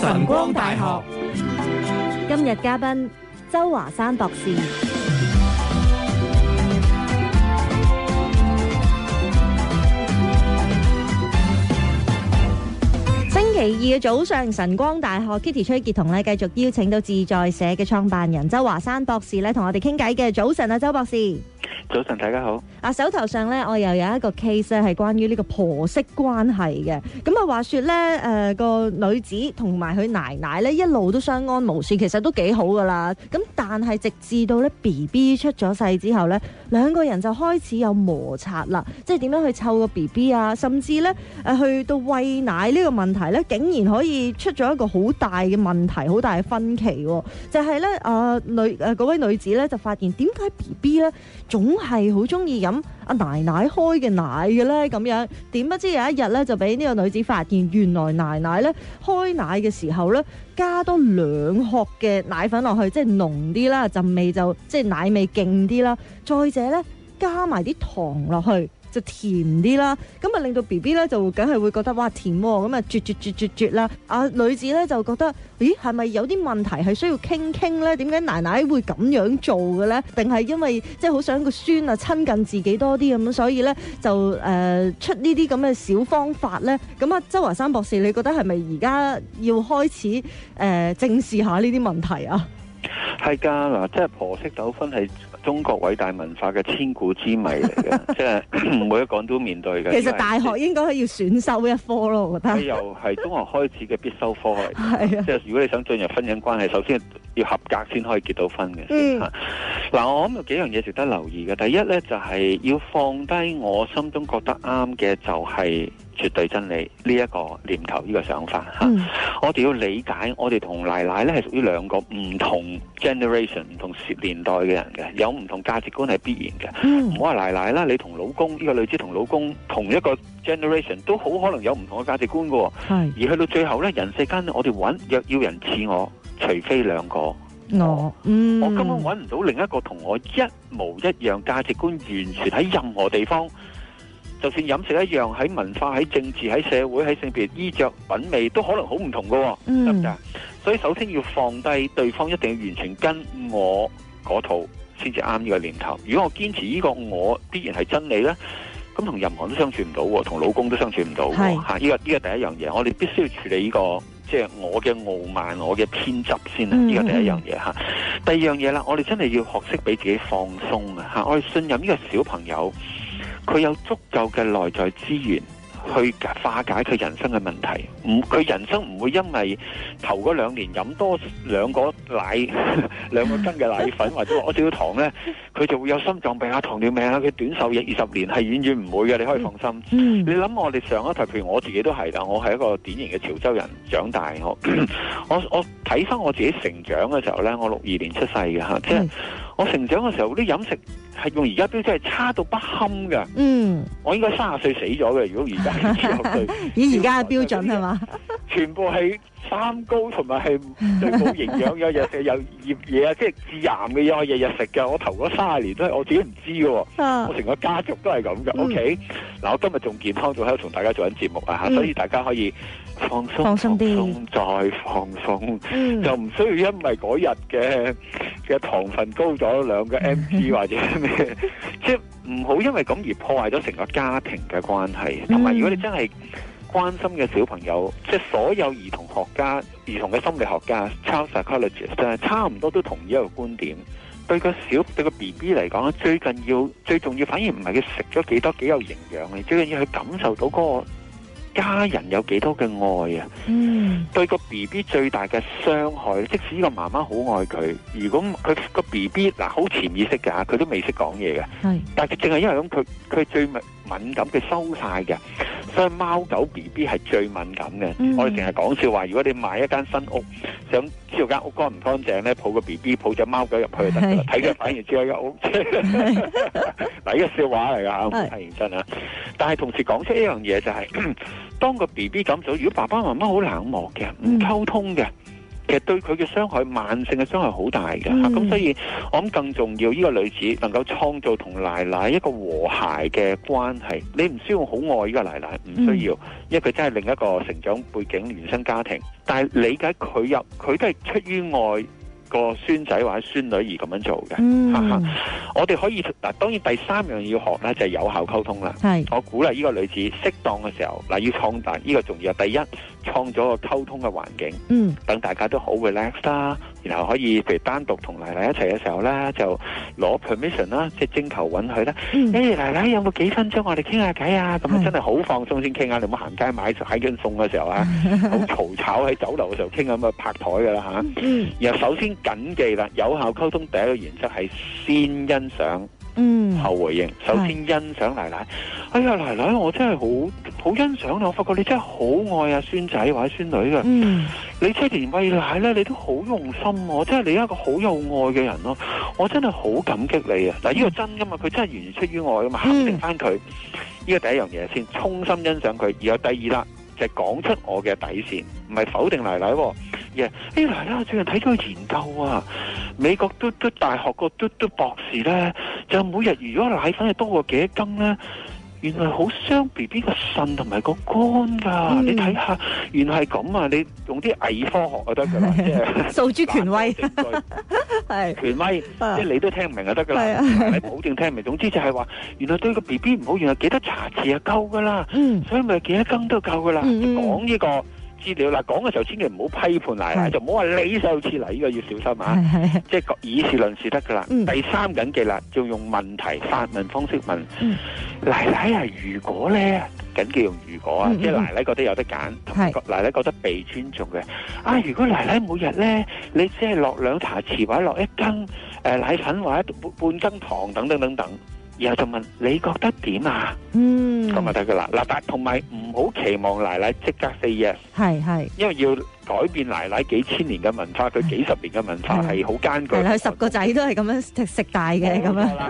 晨光大學今日嘉賓周華山博士。星期二嘅早上，晨光大學 Kitty 崔潔彤咧，繼續邀請到自在社嘅創辦人周華山博士咧，同我哋傾偈嘅。早晨啊，周博士。早晨，大家好。啊，手頭上咧，我又有一個 case 咧，係關於呢個婆媳關係嘅。咁啊，話說咧，誒、呃、個女子同埋佢奶奶咧，一路都相安無事，其實都幾好噶啦。咁但係直至到咧 B B 出咗世之後咧，兩個人就開始有摩擦啦。即係點樣去湊個 B B 啊，甚至咧誒、呃、去到餵奶呢個問題咧，竟然可以出咗一個好大嘅問題，好大嘅分歧，哦。就係、係、咧，啊、呃、女誒嗰、呃、位女子咧就發現 BB 呢，點解 B B 咧總都係好中意飲阿奶奶開嘅奶嘅咧，咁樣點不知有一日咧，就俾呢個女子發現，原來奶奶咧開奶嘅時候咧加多兩殼嘅奶粉落去，即係濃啲啦，陣味就即係奶味勁啲啦，再者咧加埋啲糖落去。就甜啲啦，咁啊令到 BB 咧就梗係會覺得哇甜喎、哦，咁啊啜啜啜啜啜啦。啊女子咧就覺得，咦係咪有啲問題，係需要傾傾咧？點解奶奶會咁樣做嘅咧？定係因為即係好想個孫啊親近自己多啲咁，啊、所以咧就誒、呃、出呢啲咁嘅小方法咧。咁啊，周華山博士，你覺得係咪而家要開始誒、呃、正視下呢啲問題啊？係噶，嗱、即、呃、係、就是、婆媳糾紛係。中國偉大文化嘅千古之謎嚟嘅， 即係每一講都面對嘅。其實大學應該係要選修一科咯，我覺得。又係中學開始嘅必修科嚟，即係如果你想進入婚姻關係，首先要合格先可以結到婚嘅。嗯，嗱、啊，我諗有幾樣嘢值得留意嘅。第一呢，就係、是、要放低我心中覺得啱嘅，就係、是。絕對真理呢一、呢個念頭呢、呢個想法吓，嗯、我哋要理解我哋同奶奶呢係屬於兩個唔同 generation 唔同年代嘅人嘅，有唔同價值觀係必然嘅。唔好話奶奶啦，你同老公呢、呢個女子同老公同一個 generation 都好可能有唔同嘅價值觀噶，喎是。而去到最後呢，人世間我哋揾若要人似我，除非兩個我，我，嗯、我根本揾唔到另一個同我一模一樣價值觀，完全喺任何地方。就算飲食一樣，喺文化、喺政治、喺社會、喺性別、衣著品味，都可能好唔同嘅、哦，得唔得？、嗯、所以首先要放低對方，一定要完全跟我嗰套先至啱呢個念頭。如果我堅持呢個我，必然係真理呢，咁同任何人都相處唔到、哦，同老公都相處唔到、哦。喎係。呢、這個呢、這個第一樣嘢，我哋必須要處理呢、這個，即、就、係、是、我嘅傲慢、我嘅偏執先呢、這個第一樣嘢、嗯、第二樣嘢啦，我哋真係要學識俾自己放鬆啊！嚇，我哋信任呢個小朋友。佢有足夠嘅內在資源去化解佢人生嘅問題。唔，佢人生唔會因為頭嗰兩年飲多兩個奶兩個斤嘅奶粉或者落少少糖咧，佢就會有心臟病啊、糖尿病啊。佢短壽嘅二十年係遠遠唔會嘅，你可以放心。你諗我哋上一排，譬如我自己都係啦，我係一個典型嘅潮州人長大。我我我睇翻我自己成長嘅時候咧，我六二年出世嘅嚇，即係我成長嘅時候啲飲食。係用而家標準係差到不堪㗎。嗯，我應該卅歲死咗嘅。如果而家 以而家嘅標準係嘛？ 全部係三高同埋係最冇營養，有日食有醃嘢啊，即係致癌嘅嘢，我日日食嘅。我頭嗰三十年都係我自己唔知嘅，我成個家族都係咁嘅。O K，嗱，我今日仲健康，仲喺度同大家做緊節目啊，所以大家可以放鬆放鬆啲，再放鬆，就唔需要因為嗰日嘅嘅糖分高咗兩個 M P 或者咩，即係唔好因為咁而破壞咗成個家庭嘅關係。同埋如果你真係，關心嘅小朋友，即係所有兒童學家、兒童嘅心理學家，child psychologist 就係差唔多都同意一個觀點，對個小對個 B B 嚟講咧，最近要最重要，反而唔係佢食咗幾多幾有營養嘅，最重要佢感受到嗰個家人有幾多嘅愛啊！嗯，對個 B B 最大嘅傷害，即使呢個媽媽好愛佢，如果佢個 B B 嗱好潛意識嘅，佢都未識講嘢嘅，是但係佢淨係因為咁，佢佢最敏敏感，佢收晒嘅。所以貓狗 B B 係最敏感嘅，嗯、我哋成日講笑話，如果你買一間新屋，想知道間屋乾唔乾淨咧，抱個 B B 抱隻貓狗入去就得㗎喇，睇佢反應，知開唔開屋。嗱是，呢個， 笑話嚟㗎，唔係認真啊！是的但係同時講出一樣嘢就係、是，當個 B B 咁做，如果爸爸媽媽好冷漠嘅，唔溝通嘅。嗯其實對佢嘅傷害，慢性嘅傷害好大嘅。咁、嗯、所以我諗更重要，呢、這個女子能夠創造同奶奶一個和諧嘅關係。你唔需要好愛呢個奶奶，唔需要，嗯、因為佢真係另一個成長背景、原生家庭。但係理解佢入，佢都係出於愛個孫仔或者孫女而咁樣做嘅。嗯、 我哋可以嗱，當然第三樣要學咧就係、是、有效溝通啦。係是，我鼓勵呢個女子適當嘅時候嗱，要創造呢、這個重要。第一。創咗個溝通嘅環境，嗯，等大家都好 relax 啦，然後可以譬如單獨同奶奶一齊嘅時候咧，就攞 permission 啦，即係徵求允許啦。誒，奶奶有冇幾分鐘我哋傾下偈啊？咁啊，真係好放鬆先傾下！你冇行街買買緊餸嘅時候啊，好嘈吵喺酒樓嘅時候傾咁啊拍台噶啦吓。嗯，然後首先謹記啦，有效溝通第一個原則係先欣賞，嗯，後回應。首先欣賞奶奶，哎呀奶奶，我真係好。好欣賞你，我發覺你真係好愛阿孫仔或者孫女嘅。你即係連餵奶咧，你都好用心，我即係你一個好有愛嘅人咯。我真係好感激你啊！嗱，呢個真噶嘛，佢真係完全出於愛噶嘛，肯定翻佢。呢個第一樣嘢先，衷心欣賞佢。而有第二啦，就係講出我嘅底線，唔係否定奶奶。咦，奶奶最近睇咗個研究啊，美國都都大學個都都博士咧，就每日如果奶粉係多過幾多斤咧。原來好傷 B B 個腎同埋個肝噶，嗯、你睇下，原來係咁啊！你用啲偽科學就得噶啦，即係訴諸權威，係權威，啊、即係你都聽唔明就得噶啦，唔使保證聽唔明。總之就係話，原來對個 B B 唔好，原來幾多茶匙啊夠噶啦，嗯所以咪幾多羹都夠噶啦，講呢、嗯嗯這個。資料嗱，講嘅時候千祈唔好批判奶奶，就唔好話你受次奶，呢，這個要小心啊！即係是以事論事得噶啦。嗯、第三緊記啦，就用問題發問方式問，嗯、奶奶啊！如果呢，緊記用如果啊，嗯嗯即係奶奶覺得有得揀，是奶奶覺得被尊重嘅是啊！如果奶奶每日呢，你只係落兩茶匙或者落一羹誒、呃、奶粉或者半羹糖等等等等。然後就問你覺得點啊？嗯，咁就得噶啦。嗱，但係同埋唔好期望奶奶即刻 say yes，係係，因為要改變奶奶幾千年嘅文化，佢幾十年嘅文化係好艱巨。係啦，佢十個仔都係咁樣食食大嘅咁樣。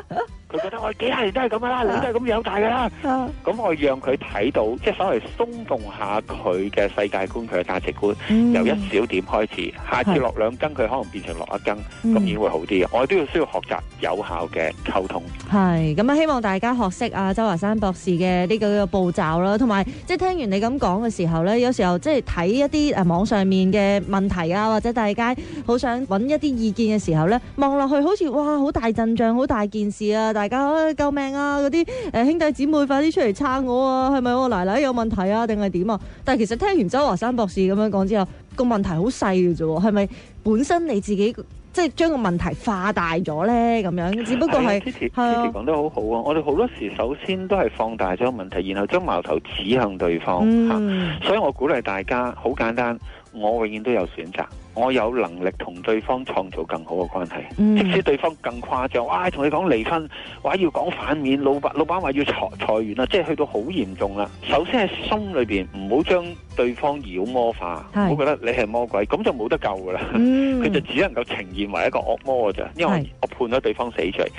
佢覺得我幾廿年都係咁啦，你、啊、都係咁樣大嘅啦。咁、啊、我讓佢睇到，即係稍微鬆動下佢嘅世界觀、佢嘅價值觀，嗯、由一小點開始。下次落兩根，佢、嗯、可能變成落一根，咁已經會好啲。我都要需要學習有效嘅溝通。係咁啊！希望大家學識啊，周華山博士嘅呢個步驟啦，同埋即係聽完你咁講嘅時候咧，有時候即係睇一啲誒網上面嘅問題啊，或者大家好想揾一啲意見嘅時候咧，望落去好似哇，好大陣仗，好大件事啊！大家救命啊！嗰啲誒兄弟姊妹快啲出嚟撐我啊！係咪我奶奶有問題啊？定係點啊？但係其實聽完周華山博士咁樣講之後，個問題好細嘅啫，係咪本身你自己即係將個問題化大咗咧？咁樣只不過係係啊！講得好好啊！的我哋好多時首先都係放大咗個問題，然後將矛頭指向對方、嗯啊、所以我鼓勵大家好簡單，我永遠都有選擇。我有能力同對方創造更好嘅關係，即使對方更誇張，哇！同你講離婚，話要講反面，老闆老闆話要裁裁員啦，即係去到好嚴重啦。首先喺心裏邊唔好將對方妖魔化，唔好覺得你係魔鬼，咁就冇得救噶啦。佢就只能夠呈現為一個惡魔嘅咋。因為我判咗對方死罪，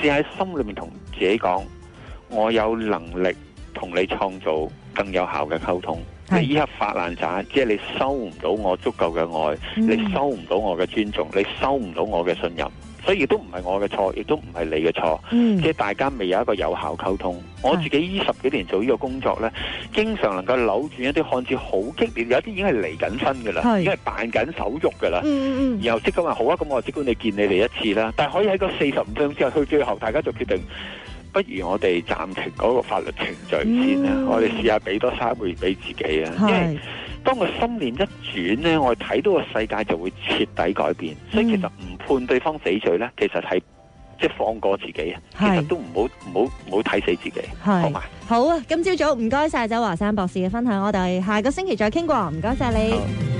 試喺心裏面同自己講，我有能力同你創造更有效嘅溝通。是你依刻發爛渣，即係你收唔到我足夠嘅愛，嗯、你收唔到我嘅尊重，你收唔到我嘅信任，所以亦都唔係我嘅錯，亦都唔係你嘅錯，嗯、即係大家未有一個有效溝通。我自己呢十幾年做呢個工作呢，是經常能夠扭轉一啲看似好激烈，有啲已經係離緊婚嘅啦，是已經係辦緊手續嘅啦。嗯、然後即咁話：好啊，咁我即管你見你哋一次啦。但係可以喺個四十五分鐘之後，去最後大家就決定。不如我哋暫停嗰個法律程序先、嗯、我哋試下俾多三個月俾自己啊，是因為當個心念一轉咧，我哋睇到個世界就會徹底改變，嗯、所以其實唔判對方死罪咧，其實係，即係放過自己啊，是其實都唔好唔好唔好睇死自己。係是好啊嗎！今朝早唔該晒，周華山博士嘅分享，我哋下個星期再傾過唔該晒你。